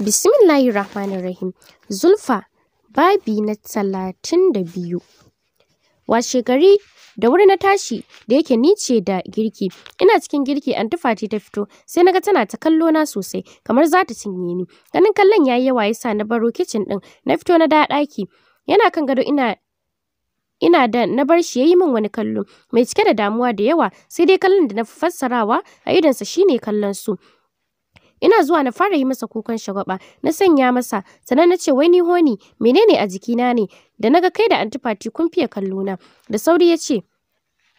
bismillahi Rahmanir Zulfa babi na talatin da biyu. Washe gari da wuri na tashi da yake nice da girki ina cikin girki an tufati ta fito sai na ga tana ta kallo na sosai kamar za ta cinye ni ganin kallon ya yi yawa yasa na baro kicin din na fito na da daki yana kan gado ina ina da na bar shi ya yi min wani kallo mai cike da damuwa da yawa sai dai kallon da na fassarawa a idonsa shine kallon su ina zuwa na fara yi masa kukan shagwaba na sanya masa sannan na ce wai ni honi menene a jikina ne da naga kai da antifati kun fiye na da sauri ya ce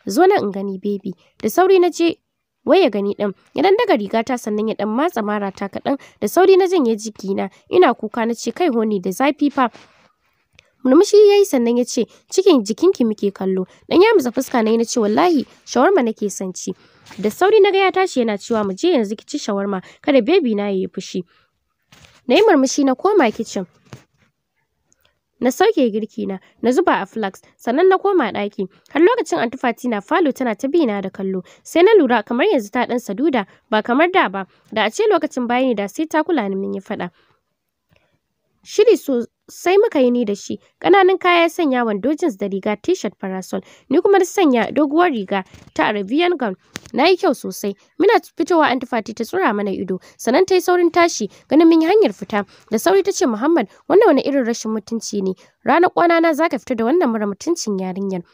zo na in gani baby da sauri na je wai ya gani dan ya daga daga rigata sannan ya dan matsa mara ta kaɗan da sauri na janye jikina ina kuka na ce kai honi da zafi fa murmushi ya yi sannan ya ce cikin jikinki muke kallo dan ya musa fuska na yi na ce wallahi shawarma nake son ci da sauri na ga ya tashi yana cewa mu je yanzu ki ci shawarma kada bebi na yayi fushi na yi murmushi na koma kicin na sauke girki na na zuba a flax sannan na koma ɗaki har lokacin antufati na falo tana ta bi na da kallo sai na lura kamar yanzu ta ɗan saduda ba kamar da ba da a ce lokacin bayani da sai ta kula ni mun yi faɗa shiri so sai muka yi ni da shi ƙananan kaya ya sanya wando jeans da riga t-shirt parasol ni kuma na sanya doguwar riga ta arabian gown na yi kyau sosai muna fitowa antifati ta tsura mana ido sannan ta yi saurin tashi ganin mun yi hanyar fita da sauri ta ce muhammad wannan wani irin rashin mutunci ne ranar kwana na zaka fita da wannan mara mutuncin yarinyar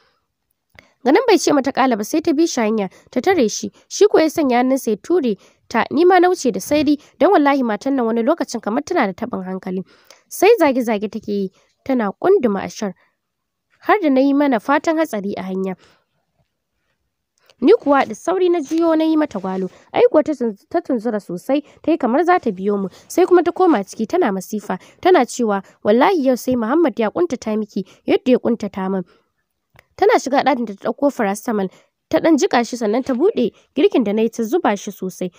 ganin bai ce mata kala ba sai ta bi shi hanya ta tare shi shi kuwa ya sanya na sai ture ta nima na wuce da sairi don wallahi matan nan wani lokacin kamar tana da taɓin hankali sai zage-zage take yi tana kunduma shar har da na yi mana fatan hatsari a hanya ni kuwa da sauri na jiyo na yi mata gwalo ai kuwa ta tunzura sosai ta yi kamar za ta biyo mu sai kuma ta koma ciki tana masifa tana cewa wallahi yau sai muhammad ya ta miki yadda ya ta min tana shiga ɗakin ta ɗauko farastamal ta ɗan jika shi sannan ta buɗe girkin da na yi ta zuba shi sosai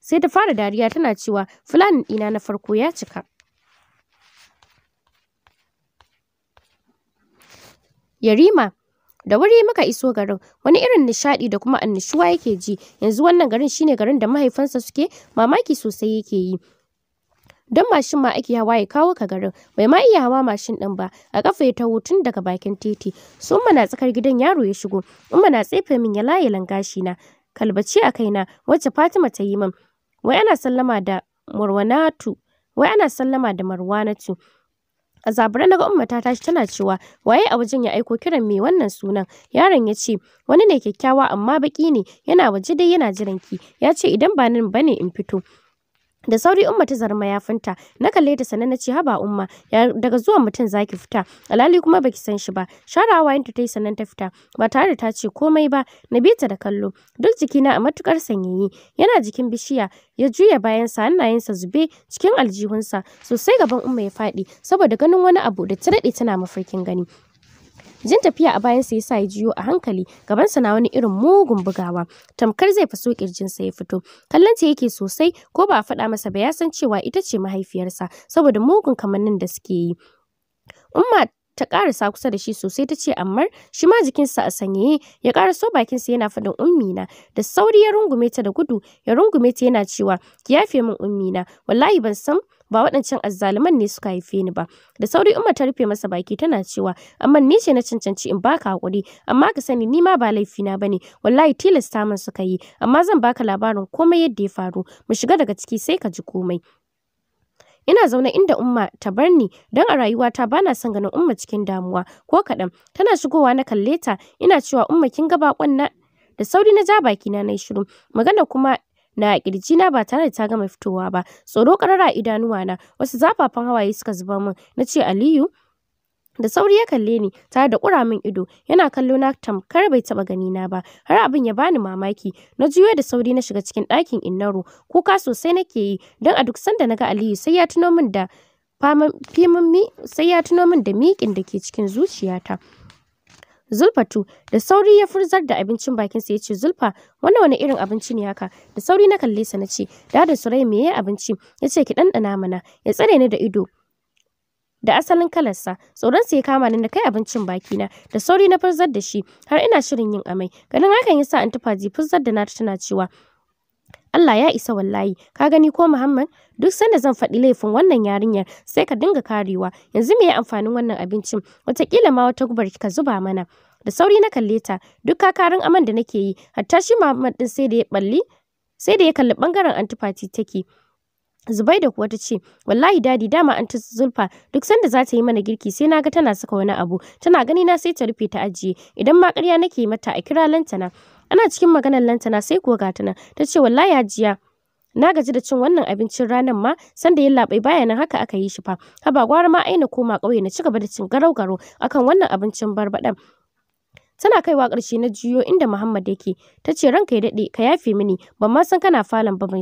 sai ta fara dariya tana cewa fulanin ɗina na farko ya cika Yarima da wuri muka iso garin wani irin nishadi da kuma annishuwa yake ji yanzu wannan garin shine garin da mahaifansa suke mamaki sosai yake yi don mashin ma ake hawa ya kawo ka garin bai ma iya hawa mashin ɗin ba a kafa ya taho tun daga bakin titi su na tsakar gidan yaro ya shigo umma mana tsefe min ya laye langashi na kalbaci a kaina wacce Fatima ta yi min wai ana sallama da Marwanatu wai ana sallama da Marwanatu A na ga Umma ta tashi tana cewa waye a wajen ya aiko kiran mai wannan sunan. Yaron ya ce wani ne kyakkyawa amma baki ne yana waje dai yana jiran ki. Ya ce idan ba nan bane in fito. da sauri umma ta zarma yafinta na kalle ta sannan na ce haba umma daga zuwan mutum zaki fita alali kuma baki san shi ba sharawa yanta ta yi sanan ta fita ba tare da ta ce komai ba na bi ta da kallo duk jikina a matukar sanyayi yana jikin bishiya ya juya bayan bayansa hannayensa zube cikin aljihunsa sosai gaban umma ya faɗi saboda ganin wani abu da ta daɗe tana mafarkin gani Jin tafiya a bayan sa ya sa ya jiyo a hankali, gabansa na wani irin mugun bugawa. Tamkar zai faso kirjinsa ya fito. kallon ta yake sosai ko ba a faɗa masa ba ya san cewa ita ce mahaifiyarsa saboda mugun kamannin da suke yi. Umma ta karasa kusa da shi sosai ta ce amma shi ma jikinsa a sanyaye ya ƙara so bakinsa yana faɗin ummina da sauri ya rungume ta da gudu ya rungume ta yana cewa ki yafe min ummina wallahi ban san ba waɗancan azzaluman ne suka haife ni ba da sauri umma ta rufe masa baki tana cewa amma ni ce na cancanci in baka hakuri amma ka sani ni ma ba laifina bane wallahi tilasta min suka yi amma zan baka labarin komai yadda ya faru mu shiga daga ciki sai ka ji komai ina zaune inda umma ta bar ni don a rayuwata bana son ganin umma cikin damuwa ko kaɗan tana shigowa na kalle ta ina cewa umma kin ga bakon na da sauri na ja bakina na shiru magana kuma na kirji na ba tare da ta gama fitowa ba tsoro karara idanuwa na wasu zafafan hawaye suka zuba min na ce aliyu da sauri ya kalle ni tare da ƙura min ido yana kallo na tamkar bai taba gani na ba har abin ya bani mamaki na juyo da sauri na shiga cikin ɗakin innaro kuka sosai nake yi don a duk sanda naga aliyu sai ya tuno min da sai ya tuno min da miƙin da ke cikin zuciyata zulfa Zulfatu da sauri ya furzar da abincin bakinsa ya ce Zulfa wannan wani irin abinci ne haka da sauri na kalle sa na ce da da Surai me ya abinci ya ce ki dandana mana ya tsare ni da ido da asalin kalarsa tsoronsa ya kama ni da kai abincin bakina da sauri na furzar da shi har ina shirin yin amai ganin hakan yasa ji furzar da na tana cewa Allah ya isa wallahi ka gani ko Muhammad duk sanda zan faɗi laifin wannan yarinyar sai ka dinga karewa yanzu me ya amfanin wannan abincin wataƙila ma wata gubar ka zuba mana da sauri na kalle ta duk kakarin aman da nake yi hatta shi Muhammad din sai da ya balli sai da ya kalli bangaren antifati take zubai da kuwa ta ce, Wallahi dadi dama an zulfa duk sanda za ta yi mana girki sai na ga tana saka wani abu, tana gani na sai ta rufe ta ajiye, idan ma ƙarya nake mata a kira lantana. ana cikin maganar lantana sai kuwa gata nan ta ce walla ya jiya na gaji da cin wannan abincin ranar ma sanda ya labai baya nan haka aka yi shi fa ba gwara ma aina koma ƙauye na cigaba da cin garau garau akan wannan abincin barbaɗan tana kaiwa ƙarshe na juyo inda Muhammad yake ta ce ranka ya daɗe ka yafe mini ban ma san kana falon ba ban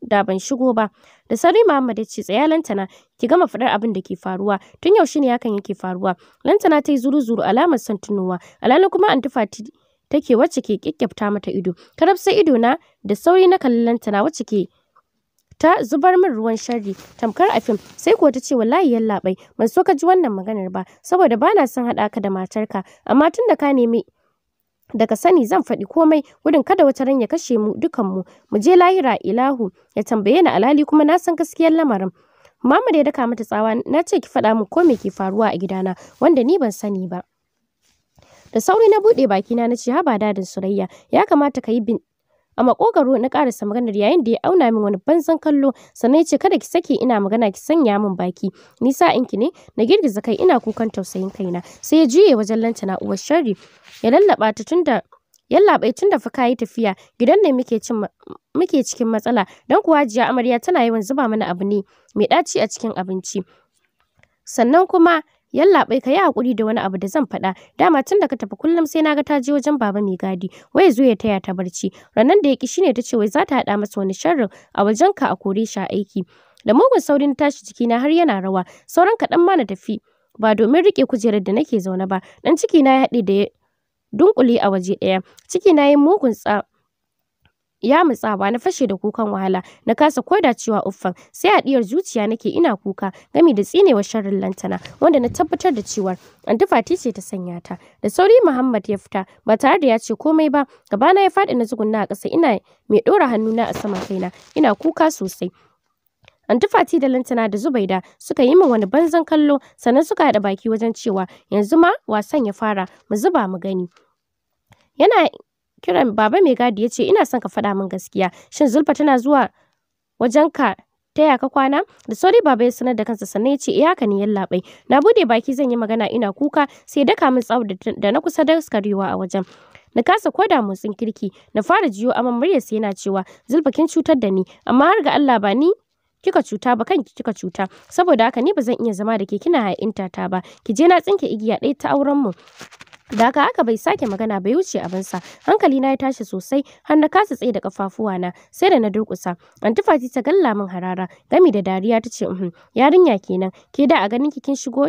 da ban shigo ba da sauri Muhammad ya ce tsaya lantana ki gama faɗar abin da ke faruwa tun yaushe ne hakan yake faruwa lantana ta yi zuru-zuru alamar son tunowa kuma antifati take wacce ke kikkyafta mata ido karabsa ido na da sauri na kallanta na wacce ke ta zubar min ruwan sharri tamkar a fim sai kuwa ta ce wallahi yallaɓai ban so ka ji wannan maganar ba saboda bana son haɗa ka da matarka amma tun da ka nemi daga sani zan faɗi komai gudun kada wata ran ya kashe mu dukan mu mu je lahira ilahu ya tambaye ni alhali kuma na san gaskiyar lamarin Mama da ya daka mata tsawa na ce ki faɗa min ko me ke faruwa a gidana wanda ni ban sani ba. da sauri na buɗe baki na ce haba dadin surayya ya kamata ka yi bin a makogaro na karasa maganar yayin da ya auna min wani banzan kallo sannan ya ce kada ki sake ina magana ki sanya min baki ni ki ne na girgiza kai ina kukan tausayin kaina sai ya juye wajen lanta na uwar sharri ya lallaba ta tunda yallaɓai tun da fuka yi tafiya gidan ne muke cin muke cikin matsala dan kuwa jiya amarya tana yawan zuba mana abu ne mai ɗaci a cikin abinci sannan kuma yallaɓai ka yi hakuri da wani abu da zan faɗa dama tun da ka tafi kullum sai na ga ta je wajen baba mai gadi wai zo ya taya ta barci ranan da ya ki shine ta ce wai za ta haɗa masa wani sharrin a wajen ka a kore shi a aiki da mugun saurin tashi jikina har yana rawa sauran kaɗan ma na tafi ba domin riƙe kujerar da nake zaune ba ɗan ciki na ya haɗe da dunkule a waje ɗaya ciki na yi mugun tsa ya mutsawa na fashe da kukan wahala na kasa koda cewa uffan sai haɗiyar zuciya nake ina kuka gami da tsinewar sharrin lantana wanda na tabbatar da cewa antifati ce ta sanya ta da sauri muhammad ya fita ba tare da ya ce komai ba gabana ya faɗi na zugunna a ƙasa ina mai ɗora hannuna a sama kaina ina kuka sosai Antifati da Lantana da Zubaida suka yi min wani banzan kallo sannan suka haɗa baki wajen cewa yanzu ma wasan ya fara mu zuba mu gani. Yana kiran baba mai gadi ya ce ina son ka faɗa min gaskiya shin zulfa tana zuwa wajenka ta ya ka kwana da sauri baba ya sanar da kansa sannan ya ce eh haka ne yallaɓai na bude baki zan yi magana ina kuka sai daka min tsawo da na kusa da karewa a wajen na kasa koda motsin kirki na fara jiyo amma muryar sai yana cewa zulfa kin cutar da ni amma har ga Allah ba ni kika cuta ba kanki kika cuta saboda haka ni ba zan iya zama da ke kina ha'inta ta ba ki je na tsinke igiya ɗaya ta auren mu da aka haka bai sake magana bai wuce abinsa. Hankali na ya tashi sosai har na kasa tsaye da kafafuwa na sai da na durƙusa. Antifati ta galla min harara gami da dariya ta ce uhm, yarinya kenan ke da a ganin kin shigo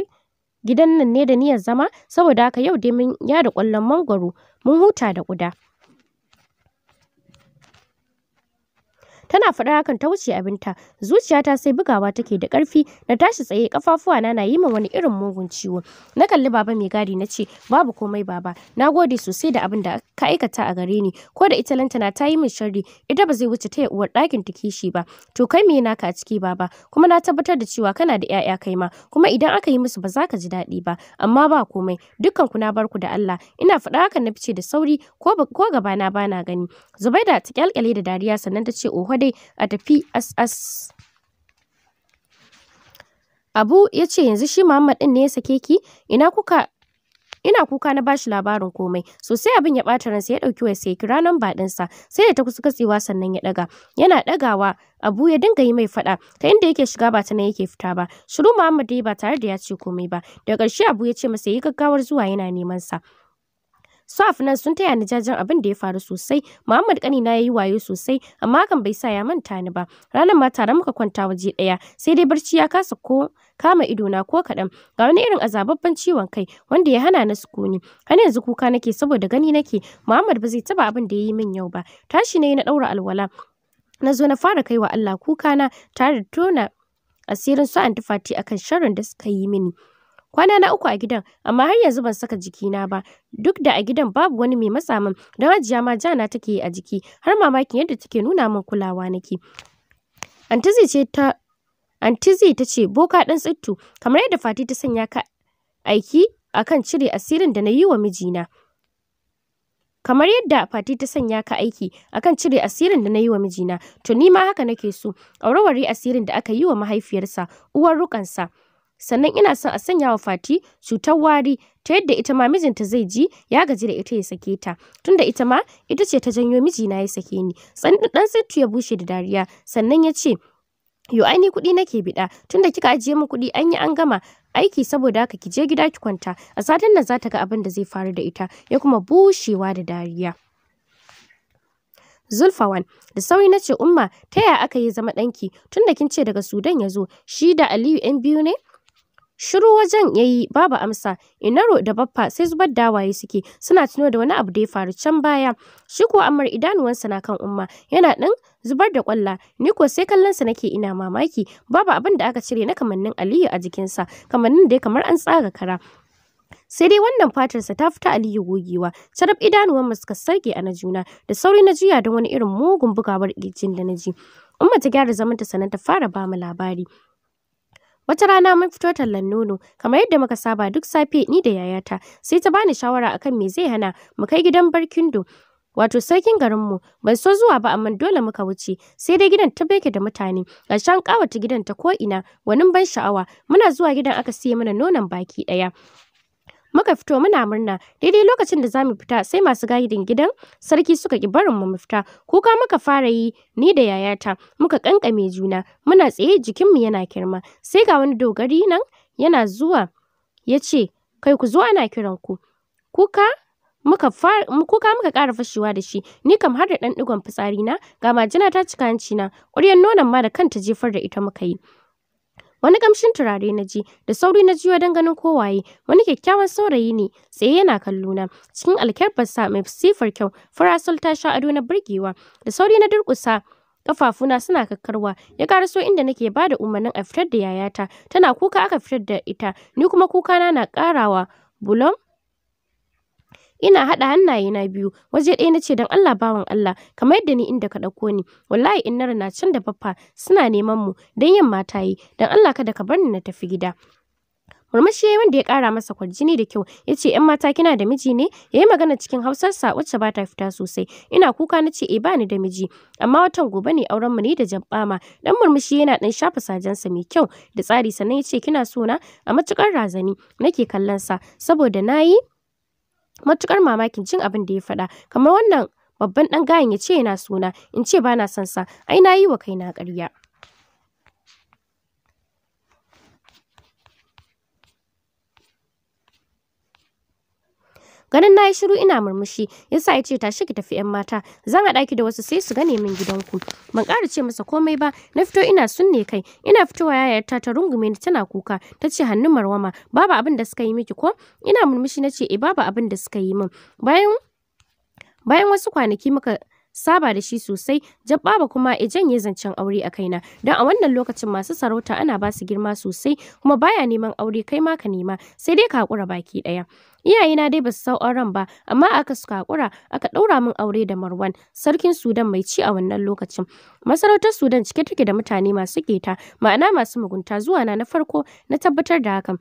gidan nan ne da niyyar zama saboda haka yau dai mun yada kwallon mangwaro mun huta da ƙuda. tana faɗa hakan ta wuce abinta zuciyata sai bugawa take da ƙarfi na tashi tsaye kafafuwa na na yi min wani irin mugun ciwo na kalli baba mai gadi na ce babu komai baba na gode sosai da abin da ka aikata a gare ni ko da ita lantana ta yi min sharri ita ba zai wuce ta uwar ɗakin ta kishi ba to kai me naka a ciki baba kuma na tabbatar da cewa kana da 'ya'ya kai ma kuma idan aka yi musu ba za ka ji daɗi ba amma ba komai dukkan ku na barku da Allah ina faɗa hakan na fice da sauri ko gaba na bana gani Zubaida ta kyalkyale da dariya sannan ta ce oho dai a tafi as Abu ya ce yanzu shi Muhammad ɗin ne ya sake ki ina kuka ina kuka na bashi labarin komai sosai abin ya ɓata ransa ya ɗauki wayar sai kira nan baɗinsa sai da ta kusa katsewa sannan ya ɗaga yana ɗagawa abu ya dinga yi mai faɗa ta inda yake shiga ba ta nan yake fita ba shiru muhammad dai ba tare da ya ce komai ba daga ƙarshe abu ya ce masa yi gaggawar zuwa yana neman sa su afinan sun taya ni jajen abin da ya faru sosai muhammad kanina ya yi waye sosai amma hakan bai sa ya manta ni ba ranar ma tare muka kwanta waje ɗaya sai dai barci ya kasa ko kama ido na ko kaɗan ga wani irin azababban ciwon kai wanda ya hana na sukuni har yanzu kuka nake saboda gani nake muhammad ba zai taba abin da ya min yau ba tashi ne na ɗaura alwala na zo na fara kai wa allah kuka na tare da tona asirin su antifati akan sharrin da suka yi mini Kwana na uku a gidan, amma har yanzu ban saka jikina ba. Duk da a gidan babu wani mai matsa min, don hajiya ma jana take yi a jiki, har mamakin yadda take nuna min kulawa nake. Antizi ce ta Antizi ta ce boka ɗan tsittu kamar yadda Fati ta sanya ka aiki akan cire asirin da na yi wa mijina. kamar yadda fati ta sanya ka aiki akan cire asirin da na yi wa mijina to ni ma haka nake so aurawari asirin da aka yi wa mahaifiyarsa uwar rukansa sannan ina son a sanya wa fati cutar wari ta yadda ita ma mijinta zai ji ya gaji da ita ya sake ta tunda ita ma ita ce ta janyo mijina ya sake ni dan sittu ya bushe da dariya sannan ya ce yo ai kuɗi nake biɗa tunda kika ajiye mu kuɗi an yi an gama aiki saboda haka ki je gida ki kwanta a satin nan za ta ga abin da zai faru da ita ya kuma bushewa da dariya Zulfawan, da sauri na ce umma ta ya aka yi zama ɗanki tunda kin ce daga Sudan ya zo, shi da Aliyu ‘yan biyu ne? Shiru wajen ya yi babu amsa. Inaro da Baffa sai zubar da waye suke suna tuno da wani abu da ya faru can baya. Shi kuwa amar idanuwansa na kan Umma yana ɗan zubar da kwalla ni ko sai kallon sa nake ina mamaki babu abin da aka cire na kamannin Aliyu a jikin sa kamannin da ya kamar an tsaga kara sai dai wannan fatarsa ta fita aliyu gogewa sharaf idanuwan mu suka sarge a na juna da sauri na juya don wani irin mugun bugawar kirjin da na ji umma ta gyara zamanta sannan ta fara ba mu labari Wata rana mun fito tallan nono, kamar yadda muka saba duk safe ni da yayata, sai ta bani shawara akan me zai hana mu kai gidan Barkindo. Wato sarkin garinmu ban so zuwa ba amma dole muka wuce sai dai gidan ta beke da mutane ƙarshen ƙawata gidan ta ko'ina wani ban sha'awa muna zuwa gidan aka siya mana nonon baki ɗaya muka fito muna murna daidai lokacin da zamu fita sai masu gaidin gidan sarki suka ki barin mu fita kuka muka fara yi ni da yayata muka kankame juna muna tsaye jikinmu yana kirma sai ga wani dogari nan yana zuwa yace kai ku zo ana kiran ku kuka muka far kuka muka ƙara fashewa da shi ni kam har da ɗan ɗigon fitsari na ga majina ta cika hanci na ƙuryar nonon ma da kanta jefar da ita muka yi wani kamshin turare na ji da sauri na jiwa don ganin kowaye wani kyakkyawan saurayi ne tsaye yana kallo na cikin alkerbarsa mai sifar kyau farasol ta sha ado na burgewa da sauri na durkusa kafafuna suna kakkarwa ya karaso inda nake bada umarnin a fitar da yayata tana kuka aka fitar da ita ni kuma kukana na karawa bulon ina haɗa na biyu waje ɗaya nace dan Allah bawan Allah kamar yadda da ni inda ka ɗauko ni wallahi in na can da baffa suna neman mu don yamma mata yi don Allah kada ka bar ni na tafi gida murmushi yayin wanda ya kara masa kwarjini da kyau yace yan mata kina da miji ne yayi magana cikin hausar sa wacce ba ta fita sosai ina kuka nace eh bani da miji amma watan gobe ne auren mu ne da jabbama dan murmushi yana dan shafa sajensa mai kyau da tsari sannan yace kina so na a matukar razani nake kallon sa saboda nayi matukar mamakin cin abin da ya faɗa kamar wannan babban ɗan gayen ya ce yana suna in ce ba na son sa ai na yi wa kaina ƙarya Ganin na yi shiru ina murmushi, yasa ya ce tashi ki tafi 'yan mata, zan haɗa ki da wasu sai su gane min gidanku. Ban ƙara ce masa komai ba, na fito ina sunne kai, ina fitowa yayarta ta rungume ni tana kuka, ta ce hannu marwama, babu abin da suka yi miki ko? Ina murmushi na ce, e babu abin da suka yi min. Bayan wasu kwanaki muka saba da shi sosai jabbaba kuma ya janye zancen aure a kaina don a wannan lokacin masu sarauta ana ba su girma sosai kuma baya neman aure kai ma ka nema sai dai ka hakura baki daya iyayena dai basu sau ran ba amma aka suka hakura aka daura min aure da Marwan sarkin Sudan mai ci a wannan lokacin masarautar Sudan cike take da mutane masu keta ma'ana masu mugunta zuwa na na farko na tabbatar da hakan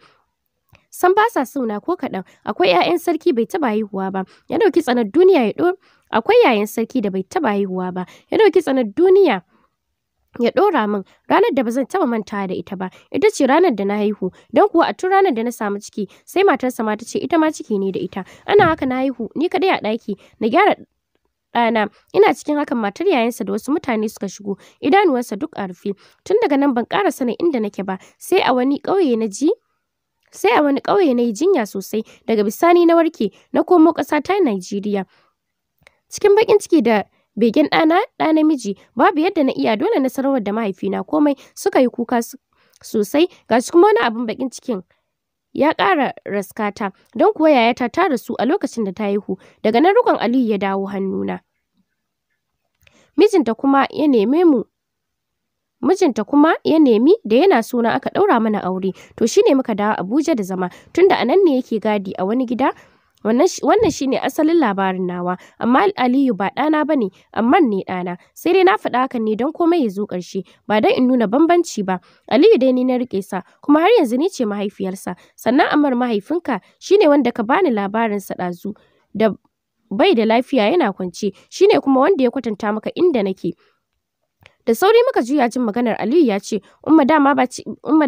san ba sa sauna ko kaɗan akwai ƴaƴan sarki bai taɓa haihuwa ba ya ɗauki tsanar duniya ya ɗo akwai yayan sarki da bai taɓa haihuwa ba ya ɗauki tsanar duniya ya ɗora min ranar da ba zan taɓa manta da ita ba ita ce ranar da na haihu don kuwa a tun ranar da na samu ciki sai matarsa ma ta ce ita ma ciki ne da ita ana haka na haihu ni kaɗai a ɗaki na gyara ɗana ina cikin hakan matar yayansa da wasu mutane suka shigo idanuwansa duk a rufe tun daga nan ban ƙara sanin inda nake ba sai a wani ƙauye na ji sai a wani ƙauye na yi jinya sosai daga bisani na warke na komo ƙasa ta Najeriya. Cikin baƙin ciki da begen ɗana ɗa namiji babu yadda na iya dole na sarwar da mahaifina komai suka yi kuka sosai ga kuma wani abin baƙin cikin ya ƙara raskata don kuwa yayata ta rasu a lokacin da ta haihu daga nan rukon Aliyu ya dawo hannuna. Mijinta kuma ya neme mu mijinta kuma ya nemi da yana suna aka ɗaura mana aure to shine muka dawo abuja da zama tunda a nan ne yake gadi a wani gida wannan shine asalin labarin nawa amma aliyu ba ɗana ba ne amma ne ɗana sai dai na faɗa hakan ne don komai ya zo ƙarshe ba don in nuna bambanci ba aliyu dai ni na rike sa kuma har yanzu ni ce mahaifiyarsa sannan amar mahaifinka shine wanda ka bani labarin sa ɗazu da bai da lafiya yana kwance shine kuma wanda ya kwatanta maka inda nake da sauri muka juya jin maganar aliyu ya ce umma dama ba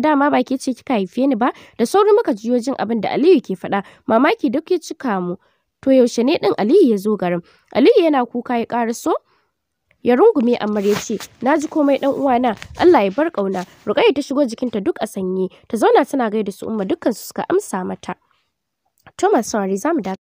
dama ke ce kika haife ni ba da sauri muka juyo jin abin da aliyu ke faɗa mamaki duk ya cika mu to yaushe ne din aliyu ya zo garin aliyu yana kuka ya ƙara so ya rungume amar ya ce na ji komai ɗan uwana Allah ya bar ƙauna. Rukayya ta shigo jikinta duk a sanye ta zauna tana gaida su umma dukkan su suka amsa mata Thomas sorry, zamu da